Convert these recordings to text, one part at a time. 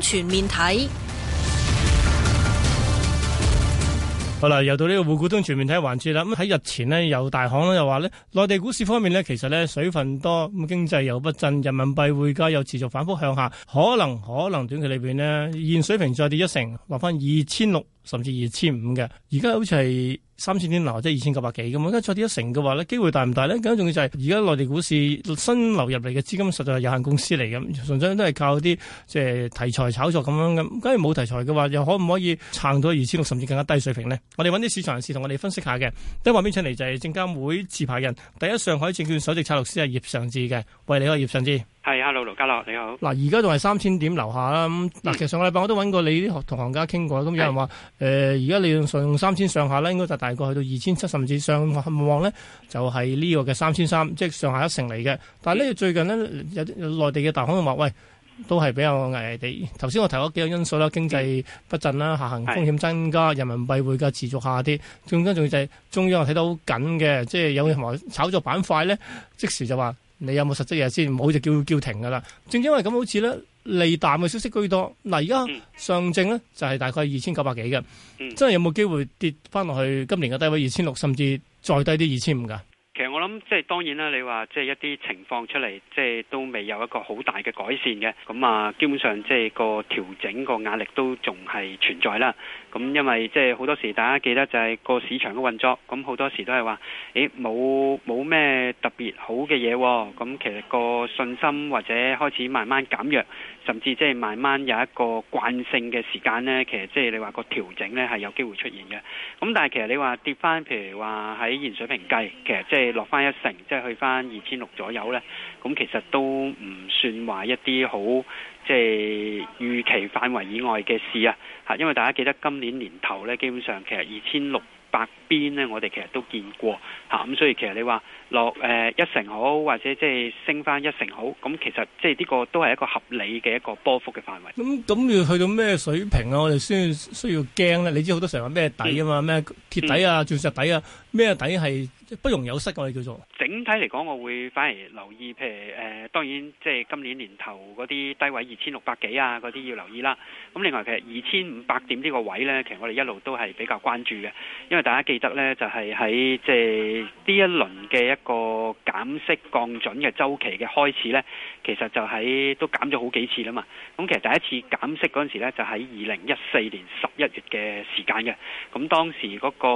全面睇，好啦，又到呢個滬股通全面睇環節啦。咁喺日前呢，有大行又話呢，內地股市方面呢，其實呢，水分多，咁經濟又不振，人民幣匯價又持續反復向下，可能可能短期裏邊呢，現水平再跌一成，落翻二千六。甚至二千五嘅，而家好似係三千點嗱，即係二千九百幾咁啊。而家再跌一成嘅話咧，機會大唔大咧？更加重要就係而家內地股市新流入嚟嘅資金實在係有限公司嚟嘅，純粹都係靠啲即係題材炒作咁樣嘅。梗係冇題材嘅話，又可唔可以撐到二千六，甚至更加低水平咧？我哋揾啲市場人士同我哋分析下嘅。第一，話邊請嚟就係證監會持牌人，第一上海證券首席策略師係葉尚志嘅，喂，你好，葉尚志。係、hey,，hello，羅家樂，你好。嗱，而家仲係三千點樓下啦。咁嗱，其實上個禮拜我都揾過你啲同行家傾過，咁有人話，誒是，而家、呃、理論上三千上下咧，應該就大概去到二千七，甚至上望咧，就係、是、呢個嘅三千三，即係上下一成嚟嘅。但係呢、嗯、最近呢，有內地嘅大行都話，喂，都係比較危地。頭先我提咗幾個因素啦，經濟不振啦，嗯、下行風險增加，是人民幣匯價持續下跌，最緊重要就係中央睇到好緊嘅，即係有任何炒作板塊咧，即時就話。你有冇實質嘢先？唔好就叫叫停噶啦。正正因為咁，好似咧利淡嘅消息居多。嗱，而家上證咧、嗯、就係大概二千九百幾嘅。嗯，真係有冇機會跌翻落去今年嘅低位二千六，甚至再低啲二千五噶？其實我諗，即係當然啦。你話即係一啲情況出嚟，即係都未有一個好大嘅改善嘅。咁啊，基本上即係個調整個壓力都仲係存在啦。咁因為即係好多時，大家記得就係個市場嘅運作。咁好多時都係話，誒、欸，冇冇咩？好嘅嘢喎，咁其實個信心或者開始慢慢減弱，甚至即係慢慢有一個慣性嘅時間呢。其實即係你話個調整呢係有機會出現嘅。咁但係其實你話跌翻，譬如話喺現水平計，其實即係落翻一成，即係去翻二千六左右呢。咁其實都唔算話一啲好即係預期範圍以外嘅事啊。嚇，因為大家記得今年年頭呢，基本上其實二千六，邊咧？我哋其實都見過吓，咁、嗯、所以其實你話落誒、呃、一成好，或者即係升翻一成好，咁其實即係呢個都係一個合理嘅一個波幅嘅範圍。咁咁要去到咩水平啊？我哋需要需要驚咧？你知好多時候話咩底啊嘛？咩、嗯、鐵底啊、鑽、嗯、石底啊？咩底係？不容有失我哋叫做，整體嚟講，我會反而留意，譬如誒、呃，當然即係、呃、今年年頭嗰啲低位二千六百幾啊，嗰啲要留意啦。咁、嗯、另外其實二千五百點呢個位呢，其實我哋一路都係比較關注嘅，因為大家記得呢，就係喺即係呢一輪嘅一個減息降準嘅周期嘅開始呢，其實就喺都減咗好幾次啦嘛。咁、嗯、其實第一次減息嗰陣時候呢，就喺二零一四年十一月嘅時間嘅，咁、嗯、當時嗰、嗰個、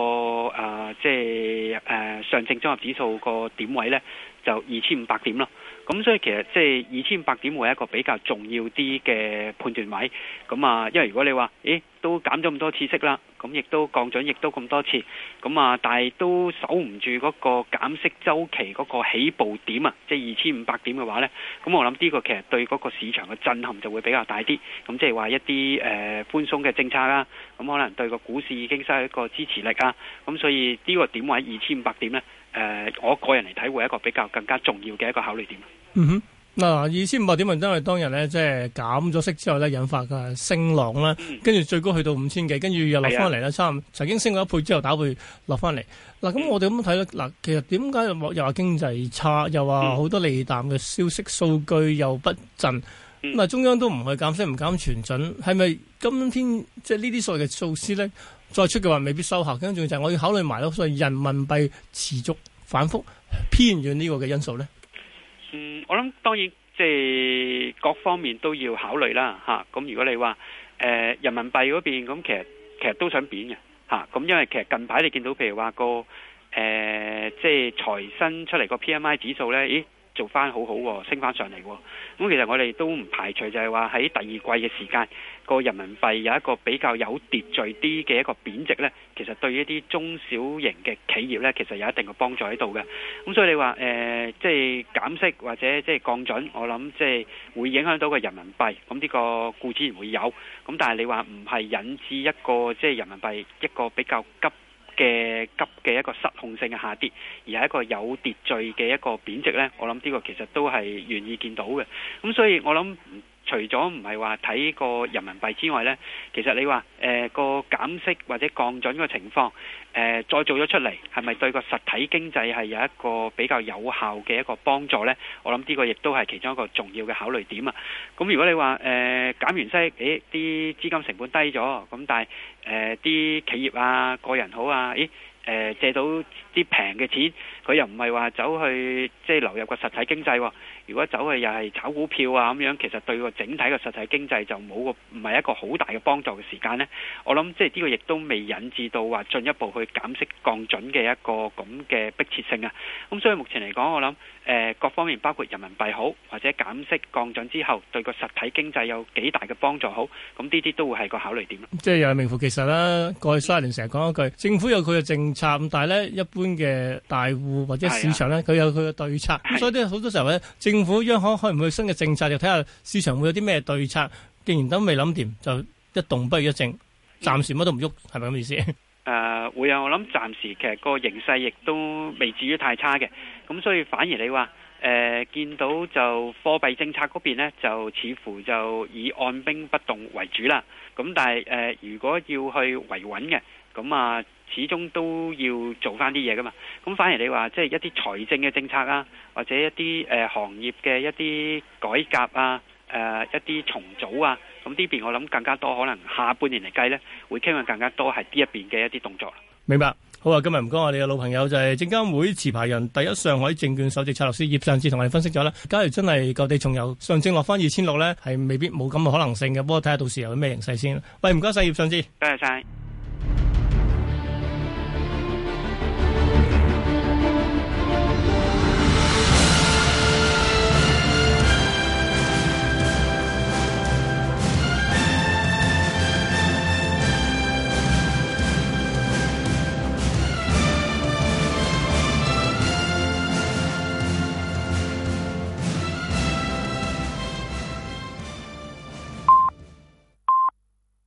呃、即係誒。呃上證綜合指數個點位咧就二千五百點咯。咁所以其實即係二千五百點會係一個比較重要啲嘅判斷位，咁啊，因為如果你話，咦，都減咗咁多次息啦，咁亦都降準，亦都咁多次，咁啊，但係都守唔住嗰個減息周期嗰個起步點啊，即係二千五百點嘅話呢，咁我諗呢個其實對嗰個市場嘅震撼就會比較大啲，咁即係話一啲誒、呃、寬鬆嘅政策啦、啊，咁可能對個股市已經失去一個支持力啊，咁所以呢個點位二千五百點呢。誒、呃，我個人嚟睇會係一個比較更加重要嘅一個考慮點。嗯哼，嗱、啊，二千五百點，原因係當日咧，即係減咗息之後咧，引發嘅升浪啦，跟住、嗯、最高去到五千幾，跟住又落翻嚟啦，嗯、差唔多曾經升過一倍之後打倍落翻嚟。嗱，咁我哋咁樣睇啦。嗱、嗯，嗯嗯、其實點解又話經濟差，又話好多利淡嘅消息數據又不振，咁啊、嗯、中央都唔去減息，唔減全準，係咪今天即係呢啲所謂嘅措施咧？再出嘅話未必收效，跟住就係我要考慮埋咯，所以人民幣持續反覆偏軟呢個嘅因素咧。嗯，我諗當然即係、就是、各方面都要考慮啦，嚇、啊。咁如果你話誒、呃、人民幣嗰邊，咁其實其實都想貶嘅嚇。咁、啊、因為其實近排你見到譬如話個誒即係財新出嚟個 PMI 指數咧，咦？做翻好好、哦、喎，升翻上嚟喎。咁其實我哋都唔排除，就係話喺第二季嘅時間，個人民幣有一個比較有秩序啲嘅一個貶值呢。其實對於一啲中小型嘅企業呢，其實有一定嘅幫助喺度嘅。咁所以你話誒，即係減息或者即係降準，我諗即係會影響到個人民幣。咁呢個固然會有，咁但係你話唔係引致一個即係人民幣一個比較急。嘅急嘅一個失控性嘅下跌，而係一個有秩序嘅一個貶值咧，我諗呢個其實都係願意見到嘅。咁所以，我諗。除咗唔係話睇個人民幣之外呢，其實你話誒、呃、個減息或者降準嘅情況誒、呃、再做咗出嚟，係咪對個實體經濟係有一個比較有效嘅一個幫助呢？我諗呢個亦都係其中一個重要嘅考慮點啊。咁、嗯、如果你話誒減完息，誒啲資金成本低咗，咁但係誒啲企業啊、個人好啊，誒、呃、借到啲平嘅錢，佢又唔係話走去即係流入個實體經濟喎、啊？如果走去又係炒股票啊咁樣，其實對個整體個實體經濟就冇個唔係一個好大嘅幫助嘅時間呢。我諗即係呢個亦都未引致到話進一步去減息降準嘅一個咁嘅迫切性啊。咁所以目前嚟講，我諗誒各方面包括人民幣好，或者減息降準之後對個實體經濟有幾大嘅幫助好。咁呢啲都會係個考慮點。即係又係名副其實啦。過去三十年成日講一句，政府有佢嘅政策，咁但係呢一般嘅大戶或者市場呢，佢是、啊、有佢嘅對策。咁是、啊、所以好多時候呢。是啊。政府央行開唔開新嘅政策，就睇下市場會有啲咩對策。既然都未諗掂，就一動不如一靜，暫時乜都唔喐，係咪咁意思？誒，會啊！我諗暫時其實個形勢亦都未至於太差嘅，咁所以反而你話誒、呃，見到就貨幣政策嗰邊咧，就似乎就以按兵不動為主啦。咁但係誒、呃，如果要去維穩嘅。咁啊，始終都要做翻啲嘢噶嘛。咁反而你話即係一啲財政嘅政策啊，或者一啲、呃、行業嘅一啲改革啊，呃、一啲重組啊。咁呢邊我諗更加多可能下半年嚟計咧，會傾向更加多係呢一邊嘅一啲動作。明白好啊。今日唔該，我哋嘅老朋友就係證監會持牌人、第一上海證券首席策略師葉尚志同我哋分析咗啦。假如真係舊地重遊，上證落翻二千六咧，係未必冇咁嘅可能性嘅。不過睇下到時有咩形勢先。喂，唔該晒，葉尚志，多謝晒。